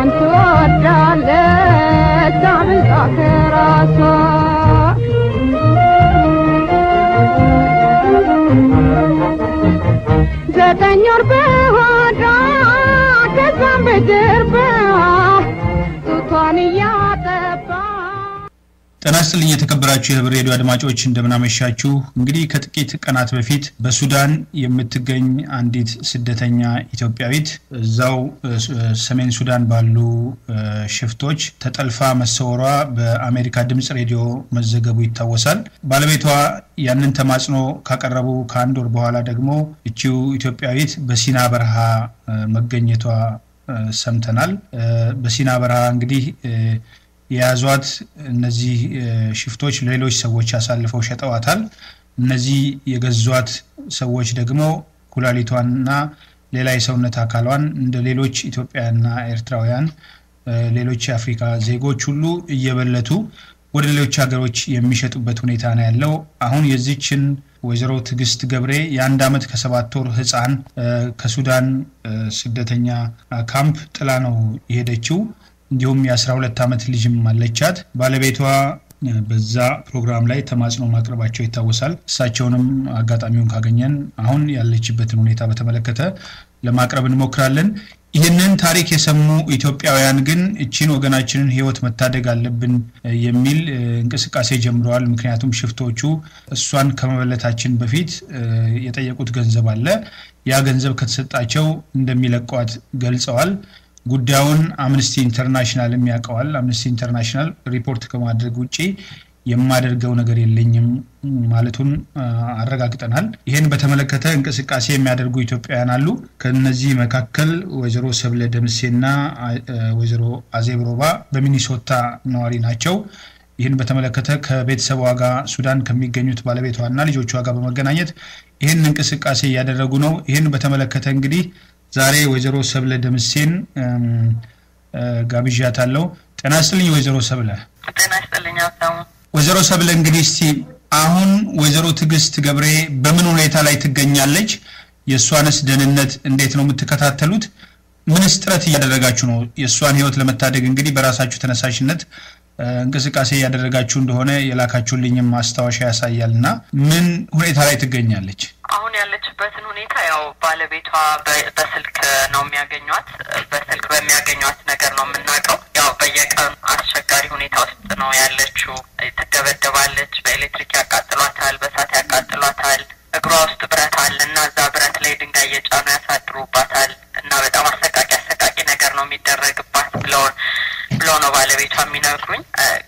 እሷን ትወዳለች አብልጣ ከራሷ ዘጠኝ ወር በሆዷ ከዛም በጀርባ ጡቷን እያጠባ ጤና ይስጥልኝ የተከበራችሁ የህብር ሬዲዮ አድማጮች እንደምናመሻችሁ። እንግዲህ ከጥቂት ቀናት በፊት በሱዳን የምትገኝ አንዲት ስደተኛ ኢትዮጵያዊት እዛው ሰሜን ሱዳን ባሉ ሽፍቶች ተጠልፋ መሰወሯ በአሜሪካ ድምፅ ሬዲዮ መዘገቡ ይታወሳል። ባለቤቷ ያንን ተማጽኖ ካቀረቡ ከአንድ ወር በኋላ ደግሞ እቺው ኢትዮጵያዊት በሲና በረሃ መገኘቷ ሰምተናል። በሲና በረሃ እንግዲህ የያዟት እነዚህ ሽፍቶች ሌሎች ሰዎች አሳልፈው ሸጠዋታል። እነዚህ የገዟት ሰዎች ደግሞ ኩላሊቷንና ሌላ የሰውነት አካሏን እንደ ሌሎች ኢትዮጵያና ኤርትራውያን ሌሎች የአፍሪካ ዜጎች ሁሉ እየበለቱ ወደ ሌሎች ሀገሮች የሚሸጡበት ሁኔታ ነው ያለው። አሁን የዚችን ወይዘሮ ትዕግስት ገብሬ የአንድ ዓመት ከሰባት ወር ህፃን ከሱዳን ስደተኛ ካምፕ ጥላ ነው የሄደችው። እንዲሁም የ12 ዓመት ልጅም አለቻት። ባለቤቷ በዛ ፕሮግራም ላይ ተማጽኖ ማቅረባቸው ይታወሳል። እሳቸውንም አጋጣሚውን ካገኘን አሁን ያለችበትን ሁኔታ በተመለከተ ለማቅረብ እንሞክራለን። ይህንን ታሪክ የሰሙ ኢትዮጵያውያን ግን እቺን ወገናችንን ሕይወት መታደግ አለብን የሚል እንቅስቃሴ ጀምረዋል። ምክንያቱም ሽፍቶቹ እሷን ከመበለታችን በፊት የጠየቁት ገንዘብ አለ። ያ ገንዘብ ከተሰጣቸው እንደሚለቋት ገልጸዋል። ጉዳዩን አምነስቲ ኢንተርናሽናል ያውቀዋል። አምነስቲ ኢንተርናሽናል ሪፖርት ከማድረግ ውጭ የማደርገው ነገር የለኝም ማለቱን አረጋግጠናል። ይህን በተመለከተ እንቅስቃሴ የሚያደርጉ ኢትዮጵያውያን አሉ። ከነዚህ መካከል ወይዘሮ ሰብለ ደምሴና ወይዘሮ አዜብ ሮባ በሚኒሶታ ነዋሪ ናቸው። ይህን በተመለከተ ከቤተሰቧ ጋር ሱዳን ከሚገኙት ባለቤቷና ልጆቿ ጋር በመገናኘት ይህን እንቅስቃሴ እያደረጉ ነው። ይህን በተመለከተ እንግዲህ ዛሬ ወይዘሮ ሰብለ ደምሴን ጋብዣታለሁ። ጤና ይስጥልኝ ወይዘሮ ሰብለ። ጤና ይስጥልኝ ሀብታሙ። ወይዘሮ ሰብለ እንግዲህ እስቲ አሁን ወይዘሮ ትዕግስት ገብሬ በምን ሁኔታ ላይ ትገኛለች? የእሷንስ ደህንነት እንዴት ነው የምትከታተሉት? ምንስ ጥረት እያደረጋችሁ ነው? የእሷን ህይወት ለመታደግ እንግዲህ በራሳችሁ ተነሳሽነት እንቅስቃሴ እያደረጋችሁ እንደሆነ የላካችሁልኝም ማስታወሻ ያሳያል እና ምን ሁኔታ ላይ ትገኛለች? ያለችበትን ሁኔታ ያው ባለቤቷ በስልክ ነው የሚያገኟት። በስልክ በሚያገኟት ነገር ነው የምናውቀው። ያው በየቀኑ አስቸጋሪ ሁኔታ ውስጥ ነው ያለችው። ትደበደባለች። በኤሌክትሪክ ያቃጥሏታል፣ በሳት ያቃጥሏታል። እግሯ ውስጥ ብረት አለ እና እዛ ብረት ላይ ድንጋይ እየጫኑ ያሳድሩባታል እና በጣም አሰቃቂ አሰቃቂ ነገር ነው የሚደረግባት ብለው ብሎ ነው ባለቤቷ የሚነግሩኝ።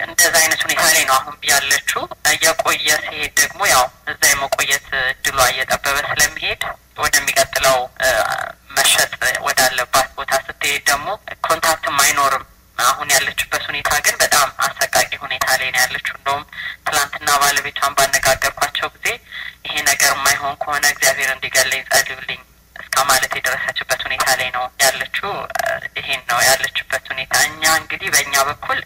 እንደዛ አይነት ሁኔታ ላይ ነው አሁን ያለችው። እየቆየ ሲሄድ ደግሞ ያው እዛ የመቆየት እድሏ እየጠበበ ስለሚሄድ ወደሚቀጥለው መሸጥ ወዳለባት ቦታ ስትሄድ ደግሞ ኮንታክትም አይኖርም። አሁን ያለችበት ሁኔታ ግን በጣም አሰቃቂ ሁኔታ ላይ ነው ያለችው። እንደውም ትላንትና ባለቤቷን ባነጋገርኳቸው ጊዜ ይሄ ነገር የማይሆን ከሆነ እግዚአብሔር እንዲገለኝ ጸልዩልኝ እስከ ማለት የደረሰችበት ሁኔታ ላይ ነው ያለችው። ይሄን ነው ያለችበት ሁኔታ። እኛ እንግዲህ በእኛ በኩል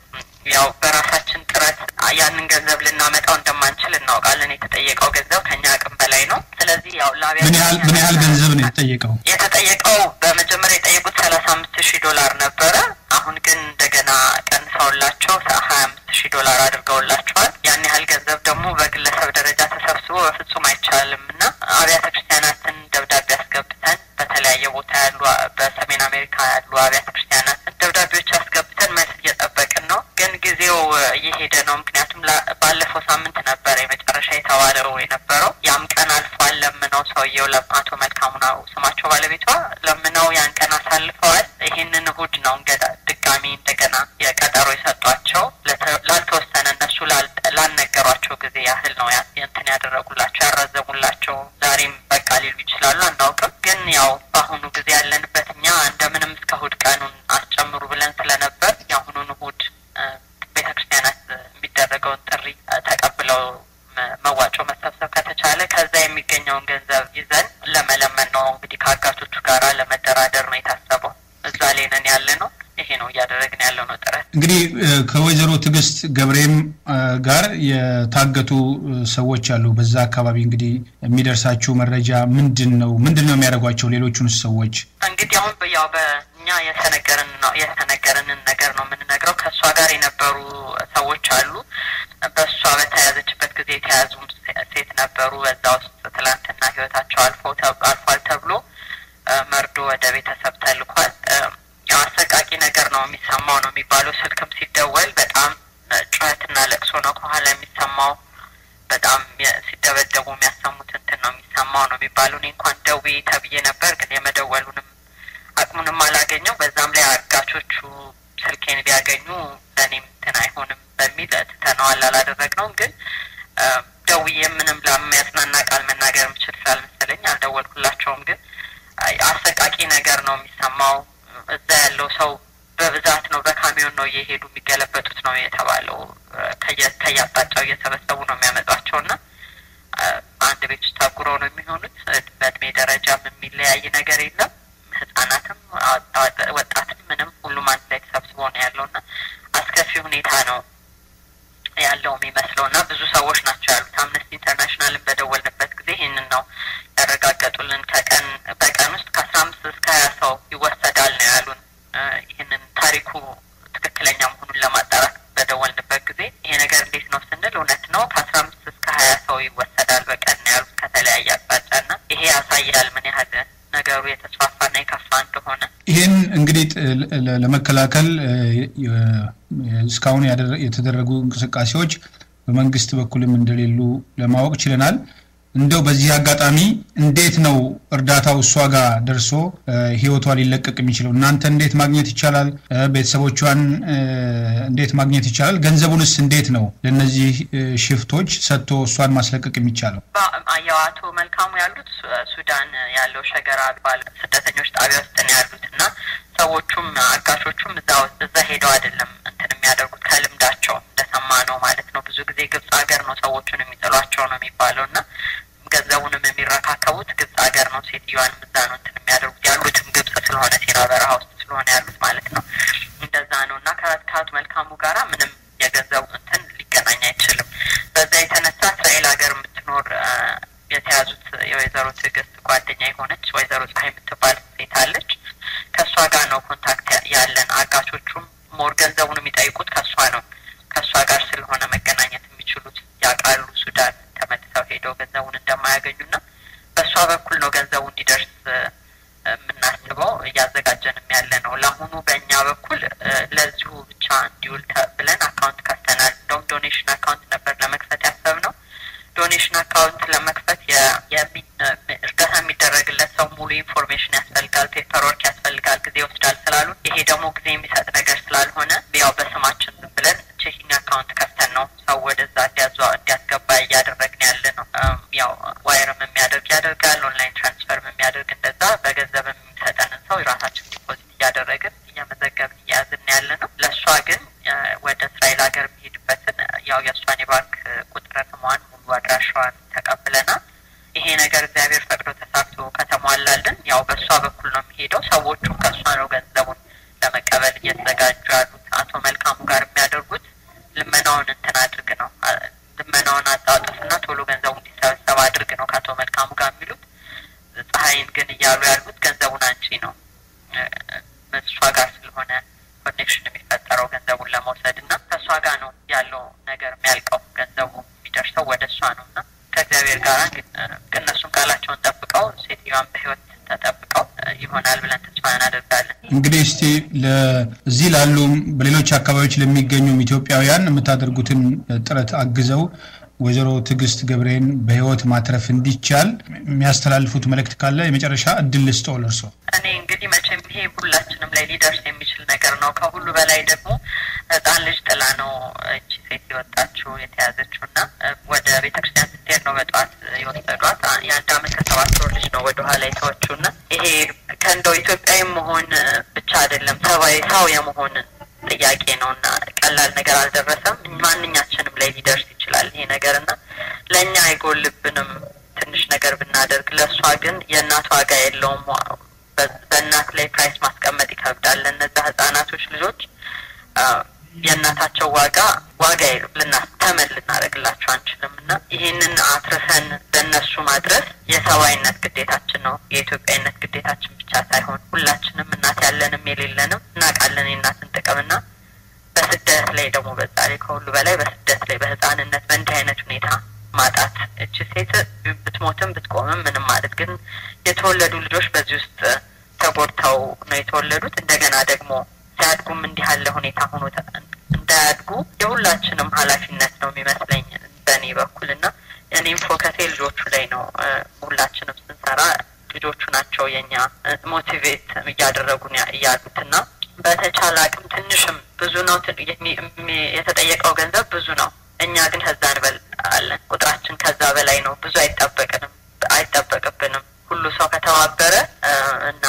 ያው በራሳችን ጥረት ያንን ገንዘብ ልናመጣው እንደማንችል እናውቃለን። የተጠየቀው ገንዘብ ከኛ አቅም በላይ ነው። ስለዚህ ያው ላቢያ ምን ያህል ምን ያህል ገንዘብ ነው የተጠየቀው? የተጠየቀው በመጀመሪያ የጠየቁት ሰላሳ አምስት ሺህ ዶላር ነበረ። አሁን ግን እንደገና ቀንሰውላቸው ሀያ አምስት ሺህ ዶላር አድርገውላቸዋል። ያን ያህል ገንዘብ ደግሞ በግለሰብ ደረጃ ተሰብስቦ በፍጹም አይቻልም እና አብያተ ክርስቲያናትን ደብዳቤ አስገብተን በተለያየ ቦታ ያሉ በሰሜን አሜሪካ ያሉ አብያተ ክርስቲያናት ደብዳቤዎች አስገብተን መልስ እየጠበቅን ነው። ግን ጊዜው እየሄደ ነው። ምክንያቱም ባለፈው ሳምንት ነበረ የመጨረሻ የተባለው የነበረው። ያም ቀን አልፏል። ለምነው ሰውየው ለአቶ መልካሙ ነው ስማቸው ባለቤቷ ለምነው ያን ቀን አሳልፈዋል። ይህንን እሁድ ነው እንገዳ ድጋሚ እንደገና የቀጠሮ የሰጧቸው ለነገሯቸው ጊዜ ያህል ነው እንትን ያደረጉላቸው ያረዘሙላቸው ዛሬም በቃ ሊሉ ይችላሉ፣ አናውቅም። ግን ያው በአሁኑ ጊዜ ያለንበት እኛ እንደምንም እስከ እሁድ ቀኑን አስጨምሩ ብለን ስለነበር የአሁኑን እሁድ ቤተክርስቲያናት የሚደረገውን ጥሪ ተቀብለው መዋጮ መሰብሰብ ከተቻለ ከዛ የሚገኘውን ገንዘብ ይዘን ለመለመን ነው እንግዲህ ከአጋቶቹ ጋራ ለመደራደር ነው የታሰበው። እዛ ላይ ነን ያለ ነው። ነው እያደረግን ያለው ነው ጥረት። እንግዲህ ከወይዘሮ ትዕግስት ገብሬም ጋር የታገቱ ሰዎች አሉ። በዛ አካባቢ እንግዲህ የሚደርሳችሁ መረጃ ምንድን ነው? ምንድን ነው የሚያደርጓቸው ሌሎቹን ሰዎች? እንግዲህ አሁን ያው በእኛ የተነገረን ነው የተነገረንን ነገር ነው የምንነግረው። ከእሷ ጋር የነበሩ ሰዎች አሉ። በእሷ በተያዘችበት ጊዜ የተያዙ ሴት ነበሩ። በዛ ውስጥ ትላንትና ህይወታቸው አልፎ አልፏል ተብሎ መርዶ ወደ ቤተሰብ ተልኳል። ነው የሚሰማው ነው የሚባለው። ስልክም ሲደወል በጣም ጩኸትና ለቅሶ ነው ከኋላ የሚሰማው። በጣም ሲደበደቡ የሚያሰሙት እንትን ነው የሚሰማው ነው የሚባለው። እኔ እንኳን ደዊ ተብዬ ነበር፣ ግን የመደወሉንም አቅሙንም አላገኘው። በዛም ላይ አጋቾቹ ስልኬን ቢያገኙ ለእኔም እንትን አይሆንም በሚል ትተነዋል፣ አላደረግነውም። ግን ደውዬ ምንም ለሚያጽናና ቃል መናገር የምችል ስላልመሰለኝ አልደወልኩላቸውም። ግን አሰቃቂ ነገር ነው የሚሰማው እዛ ያለው ሰው በብዛት ነው በካሚዮን ነው እየሄዱ የሚገለበጡት ነው የተባለው። ከየአቅጣጫው እየሰበሰቡ ነው የሚያመጧቸው እና አንድ ቤት ውስጥ አጉረው ነው የሚሆኑት። በእድሜ ደረጃም የሚለያይ ነገር የለም። ህጻናትም፣ ወጣትም ምንም ሁሉም አንድ ላይ ተሰብስቦ ነው ያለው እና አስከፊ ሁኔታ ነው ከተለያየ አቅጣጫና ይሄ ያሳያል ምን ያህል ነገሩ የተስፋፋና የከፋ እንደሆነ። ይህን እንግዲህ ለመከላከል እስካሁን የተደረጉ እንቅስቃሴዎች በመንግስት በኩልም እንደሌሉ ለማወቅ ችለናል። እንደው በዚህ አጋጣሚ እንዴት ነው እርዳታው እሷ ጋር ደርሶ ህይወቷ ሊለቀቅ የሚችለው? እናንተ እንዴት ማግኘት ይቻላል? ቤተሰቦቿን እንዴት ማግኘት ይቻላል? ገንዘቡንስ እንዴት ነው ለእነዚህ ሽፍቶች ሰጥቶ እሷን ማስለቀቅ የሚቻለው? ያው አቶ መልካሙ ያሉት ሱዳን ያለው ሸገራ ባል ስደተኞች ጣቢያ ውስጥ ነው ያሉት እና ሰዎቹም አጋሾቹም እዛ እዛ ሄደው አይደለም እንትን የሚያደርጉት ከልምዳቸው እንደሰማ ነው ማለት ነው። ብዙ ጊዜ ግብጽ ሀገር ነው ሰዎቹን የሚጥሏቸው ነው hit ዋይርም የሚያደርግ ያደርጋል። ኦንላይን ትራንስፈርም የሚያደርግ እንግዲህ እስቲ ለዚህ ላሉ በሌሎች አካባቢዎች ለሚገኙም ኢትዮጵያውያን የምታደርጉትን ጥረት አግዘው ወይዘሮ ትዕግስት ገብሬን በህይወት ማትረፍ እንዲቻል የሚያስተላልፉት መልእክት ካለ የመጨረሻ እድል ልስጠው ለእርሶ። እኔ እንግዲህ መቼም ይሄ ሁላችንም ላይ ሊደርስ የሚችል ነገር ነው። ከሁሉ በላይ ደግሞ ህጻን ልጅ ጥላ ነው እቺ ሴት የወጣችው የተያዘችው እና ወደ ቤተ ክርስቲያን ስትሄድ ነው በጠዋት የወሰዷት። የአንድ አመት ከሰባት ወር ልጅ ነው ወደ ኋላ የተወችው እና ይሄ ከእንደው ኢትዮጵያዊ መሆን ብቻ አይደለም ሰብአዊ የመሆን ጥያቄ ነው እና ቀላል ነገር አልደረሰም። ማንኛችንም ላይ ሊደርስ ይችላል ይሄ ነገር እና ለእኛ አይጎልብንም ትንሽ ነገር ብናደርግ። ለእሷ ግን የእናት ዋጋ የለውም። በእናት ላይ ፕራይስ ማስቀመጥ ይከብዳል። ለእነዛ ህጻናቶች ልጆች የእናታቸው ዋጋ ዋጋ የሉ ልና ተመን ልናደርግላቸው አንችልም እና ይህንን አትርፈን ለእነሱ ማድረስ የሰብአዊነት ግዴታችን ነው። የኢትዮጵያዊነት ግዴታችን ብቻ ሳይሆን ሁላችንም እናት ያለንም የሌለንም እናውቃለን የእናትን ጥቅምና በስደት ላይ ደግሞ በዛ ላይ ከሁሉ በላይ በስደት ላይ በህፃንነት በእንዲህ አይነት ሁኔታ ማጣት እች ሴት ብትሞትም ብትቆምም ምንም ማለት ግን የተወለዱ ልጆች በዚህ ውስጥ ተጎድተው ነው የተወለዱት። እንደገና ደግሞ ሲያድጉም እንዲህ ያለ ሁኔታ ሆኖ እንዳያድጉ የሁላችንም ኃላፊነት ነው የሚመስለኝ በእኔ በኩል እና እኔም ፎከሴ ልጆቹ ላይ ነው። ሁላችንም ስንሰራ ልጆቹ ናቸው የኛ ሞቲቬት እያደረጉን እያሉት እና በተቻለ አቅም ትንሽም ብዙ ነው የተጠየቀው ገንዘብ ብዙ ነው። እኛ ግን ከዛ እንበልጣለን። ቁጥራችን ከዛ በላይ ነው። ብዙ አይጠበቅንም አይጠበቅብንም። ሁሉ ሰው ከተባበረ እና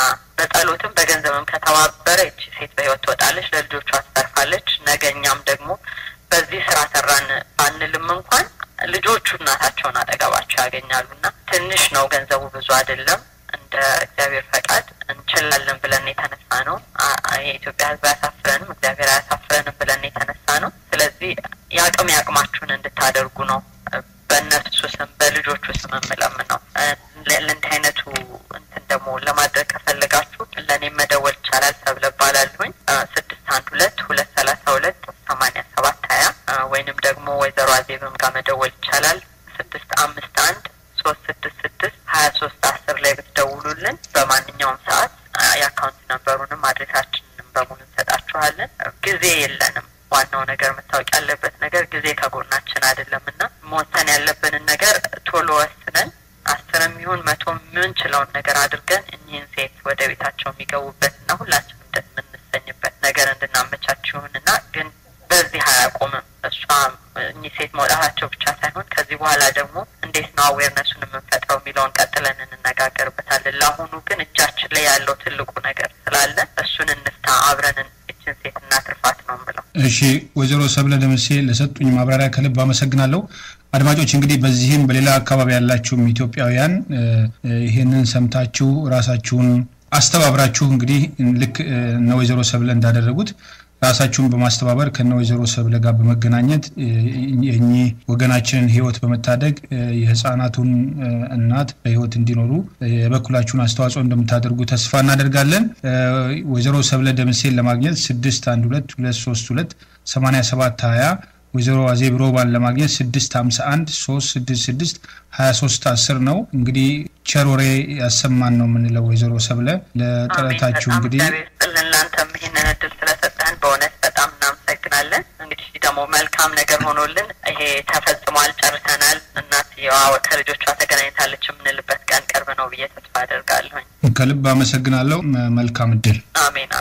በጸሎትም በገንዘብም ከተባበረች ሴት በህይወት ትወጣለች፣ ለልጆቿ ትተርፋለች። ነገኛም ደግሞ በዚህ ስራ ሰራን ባንልም እንኳን ልጆቹ እናታቸውን አጠገባቸው ያገኛሉ እና ትንሽ ነው ገንዘቡ ብዙ አይደለም። እንደ እግዚአብሔር ፈቃድ እንችላለን ብለን የተነሳ ነው። የኢትዮጵያ ህዝብ አያሳፍረንም። እግዚአብሔር ያለብንን ነገር ቶሎ ወስነን አስርም ይሁን መቶ የምንችለውን ነገር አድርገን እኚህን ሴት ወደ ቤታቸው የሚገቡበትና ሁላችንም እንደምንሰኝበት ነገር እንድናመቻችሁንና ግን በዚህ አያቆምም። እሷ እኚህ ሴት መውጣታቸው ብቻ ሳይሆን ከዚህ በኋላ ደግሞ እንዴት ነው አዌርነሱን የምንፈጥረው የሚለውን ቀጥለን እንነጋገርበታለን። ለአሁኑ ግን እጃችን ላይ ያለው ትልቁ ነገር ስላለ እሱን እንፍታ አብረንን እችን ሴት እናትርፋት ነው ምለው። እሺ፣ ወይዘሮ ሰብለ ደምሴ ለሰጡኝ ማብራሪያ ከልብ አመሰግናለሁ። አድማጮች እንግዲህ በዚህም በሌላ አካባቢ ያላችሁም ኢትዮጵያውያን ይህንን ሰምታችሁ ራሳችሁን አስተባብራችሁ እንግዲህ ልክ እነ ወይዘሮ ሰብለ እንዳደረጉት ራሳችሁን በማስተባበር ከነ ወይዘሮ ሰብለ ጋር በመገናኘት የእኚህ ወገናችንን ህይወት በመታደግ የህፃናቱን እናት በህይወት እንዲኖሩ የበኩላችሁን አስተዋጽኦ እንደምታደርጉ ተስፋ እናደርጋለን። ወይዘሮ ሰብለ ደምሴን ለማግኘት ስድስት አንድ ሁለት ሁለት ሶስት ሁለት ሰማንያ ሰባት ሀያ ወይዘሮ አዜብ ሮባን ለማግኘት 651 366 23 10 ነው። እንግዲህ ቸሮሬ ያሰማን ነው የምንለው። ወይዘሮ ሰብለ ለጥረታችሁ እንግዲህ እናንተም ይህንን እድል ስለሰጠን በእውነት በጣም እናመሰግናለን። እንግዲህ ደግሞ መልካም ነገር ሆኖልን ይሄ ተፈጽሟል፣ ጨርሰናል። እናትየዋ ከልጆቿ ተገናኝታለች የምንልበት ቀን ቅርብ ነው ብዬ ተስፋ አደርጋለሁኝ። ከልብ አመሰግናለሁ። መልካም እድል። አሜን።